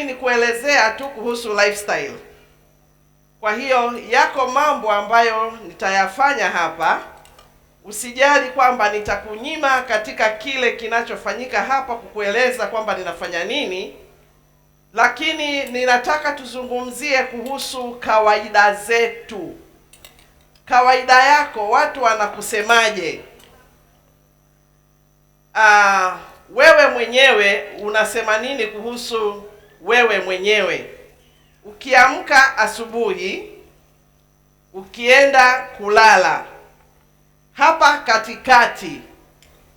lakini ni kuelezea tu kuhusu lifestyle. Kwa hiyo yako mambo ambayo nitayafanya hapa, usijali kwamba nitakunyima katika kile kinachofanyika hapa kukueleza kwamba ninafanya nini, lakini ninataka tuzungumzie kuhusu kawaida zetu. Kawaida yako watu wanakusemaje? Ah, wewe mwenyewe unasema nini kuhusu wewe mwenyewe. Ukiamka asubuhi, ukienda kulala, hapa katikati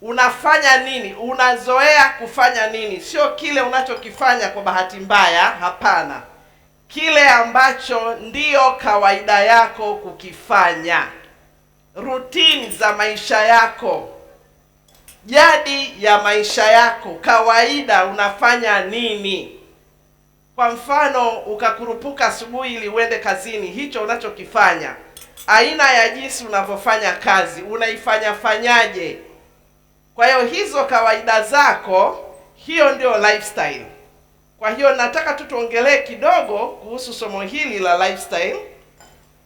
unafanya nini? Unazoea kufanya nini? Sio kile unachokifanya kwa bahati mbaya, hapana, kile ambacho ndiyo kawaida yako kukifanya, rutini za maisha yako, jadi ya maisha yako, kawaida unafanya nini? Kwa mfano ukakurupuka asubuhi ili uende kazini, hicho unachokifanya, aina ya jinsi unavyofanya kazi unaifanya fanyaje? Kwa hiyo hizo kawaida zako, hiyo ndio lifestyle. Kwa hiyo nataka tu tuongelee kidogo kuhusu somo hili la lifestyle,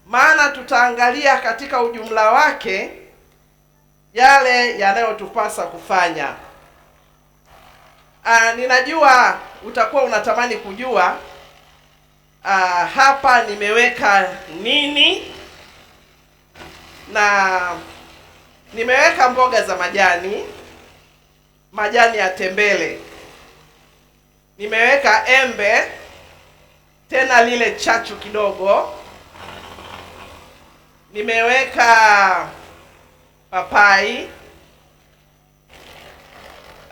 maana tutaangalia katika ujumla wake yale yanayotupasa kufanya. Aa, ah, ninajua utakuwa unatamani kujua aa, ah, hapa nimeweka nini na nimeweka mboga za majani, majani ya tembele, nimeweka embe tena lile chachu kidogo, nimeweka papai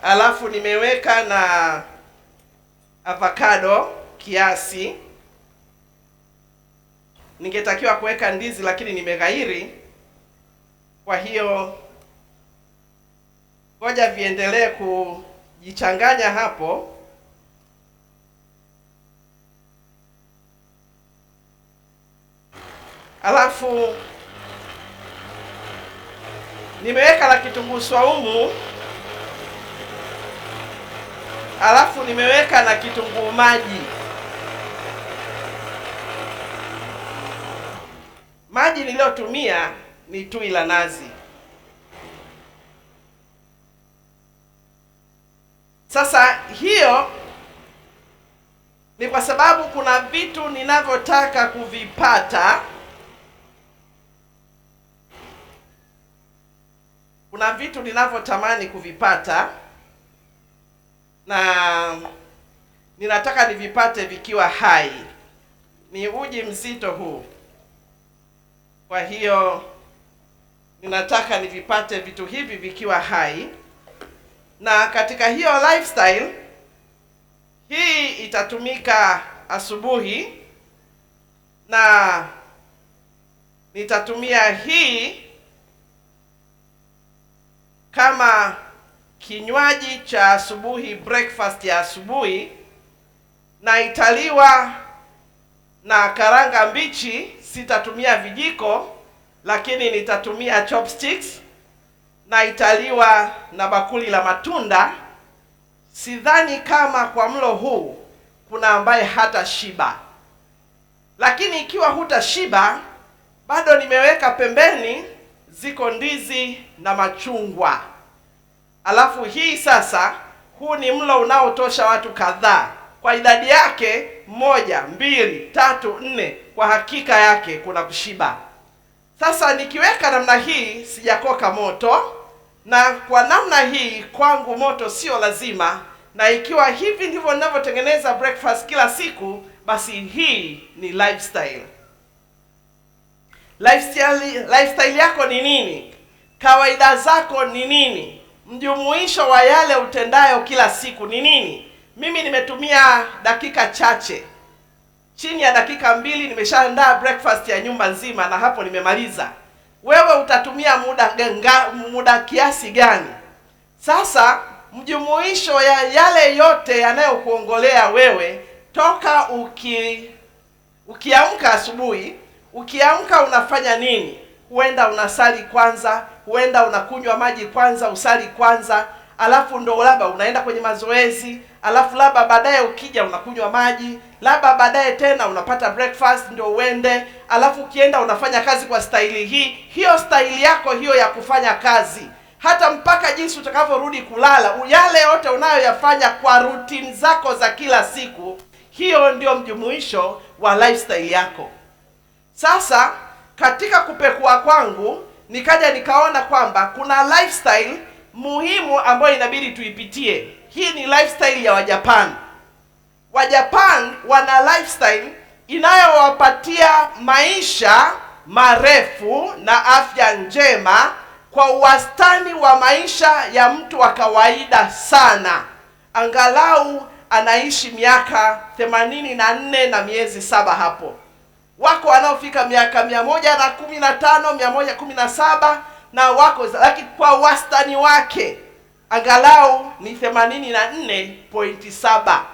alafu nimeweka na avocado kiasi. Ningetakiwa kuweka ndizi, lakini nimeghairi. Kwa hiyo ngoja viendelee kujichanganya hapo. Alafu nimeweka la kitunguu swaumu alafu nimeweka na kitunguu maji. Maji niliyotumia ni tui la nazi. Sasa hiyo ni kwa sababu kuna vitu ninavyotaka kuvipata, kuna vitu ninavyotamani kuvipata na ninataka nivipate vikiwa hai. Ni uji mzito huu, kwa hiyo ninataka nivipate vitu hivi vikiwa hai, na katika hiyo lifestyle hii itatumika asubuhi na nitatumia hii kama kinywaji cha asubuhi, breakfast ya asubuhi, na italiwa na karanga mbichi. Sitatumia vijiko, lakini nitatumia chopsticks, na italiwa na bakuli la matunda. Sidhani kama kwa mlo huu kuna ambaye hata shiba, lakini ikiwa huta shiba bado nimeweka pembeni, ziko ndizi na machungwa. Alafu hii sasa, huu ni mlo unaotosha watu kadhaa kwa idadi yake moja, mbili, tatu, nne. Kwa hakika yake kuna kushiba. Sasa nikiweka namna hii sijakoka moto, na kwa namna hii kwangu moto sio lazima, na ikiwa hivi ndivyo ninavyotengeneza breakfast kila siku, basi hii ni lifestyle. Lifestyle, lifestyle yako ni nini? Kawaida zako ni nini? mjumuisho wa yale utendayo kila siku ni nini? Mimi nimetumia dakika chache, chini ya dakika mbili nimeshaandaa breakfast ya nyumba nzima, na hapo nimemaliza. Wewe utatumia muda genga, muda kiasi gani? Sasa mjumuisho ya yale yote yanayokuongolea wewe toka uki ukiamka asubuhi, ukiamka unafanya nini? huenda unasali kwanza, huenda unakunywa maji kwanza, usali kwanza, alafu ndo labda unaenda kwenye mazoezi, alafu labda baadaye ukija unakunywa maji, labda baadaye tena unapata breakfast ndio uende, alafu ukienda unafanya kazi kwa staili hii hiyo, staili yako hiyo ya kufanya kazi hata mpaka jinsi utakavyorudi kulala, yale yote unayoyafanya kwa routine zako za kila siku, hiyo ndio mjumuisho wa lifestyle yako. Sasa katika kupekua kwangu nikaja nikaona kwamba kuna lifestyle muhimu ambayo inabidi tuipitie. Hii ni lifestyle ya wajapan wajapan wana lifestyle inayowapatia maisha marefu na afya njema kwa wastani wa maisha ya mtu wa kawaida sana, angalau anaishi miaka themanini na nne na miezi saba hapo wako wanaofika miaka mia moja na kumi na tano mia moja kumi na saba na wako lakini kwa wastani wake angalau ni themanini na nne pointi saba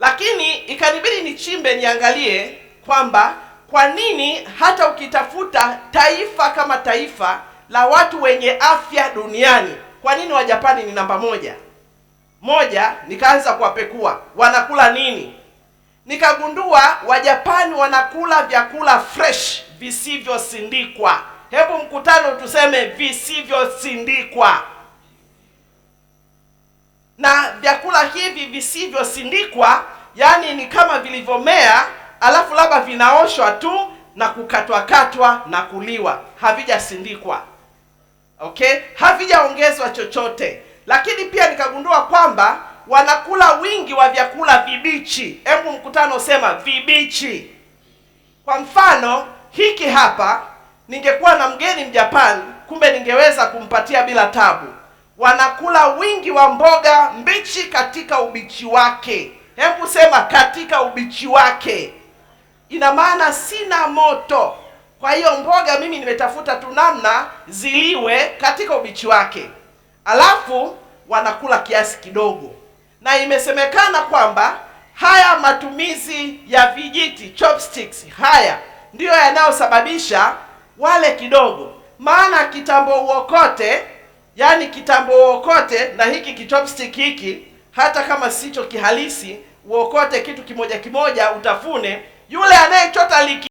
lakini ikanibidi nichimbe niangalie kwamba kwa nini hata ukitafuta taifa kama taifa la watu wenye afya duniani kwa nini Wajapani ni namba moja moja? Nikaanza kuwapekua wanakula nini, nikagundua Wajapani wanakula vyakula fresh visivyosindikwa. Hebu mkutano tuseme visivyosindikwa. Na vyakula hivi visivyosindikwa, yaani ni kama vilivyomea, alafu labda vinaoshwa tu na kukatwakatwa na kuliwa, havijasindikwa. Okay, havijaongezwa chochote. Lakini pia nikagundua kwamba wanakula wingi wa vyakula vibichi. Hebu mkutano sema vibichi. Kwa mfano hiki hapa, ningekuwa na mgeni Mjapani, kumbe ningeweza kumpatia bila tabu. Wanakula wingi wa mboga mbichi katika ubichi wake. Hebu sema katika ubichi wake. Ina maana sina moto, kwa hiyo mboga mimi nimetafuta tu namna ziliwe katika ubichi wake, alafu wanakula kiasi kidogo na imesemekana kwamba haya matumizi ya vijiti chopsticks haya ndiyo yanayosababisha wale kidogo, maana kitambo uokote, yani kitambo uokote na hiki kichopstick hiki, hata kama sicho kihalisi, uokote kitu kimoja kimoja, utafune yule anayechota liki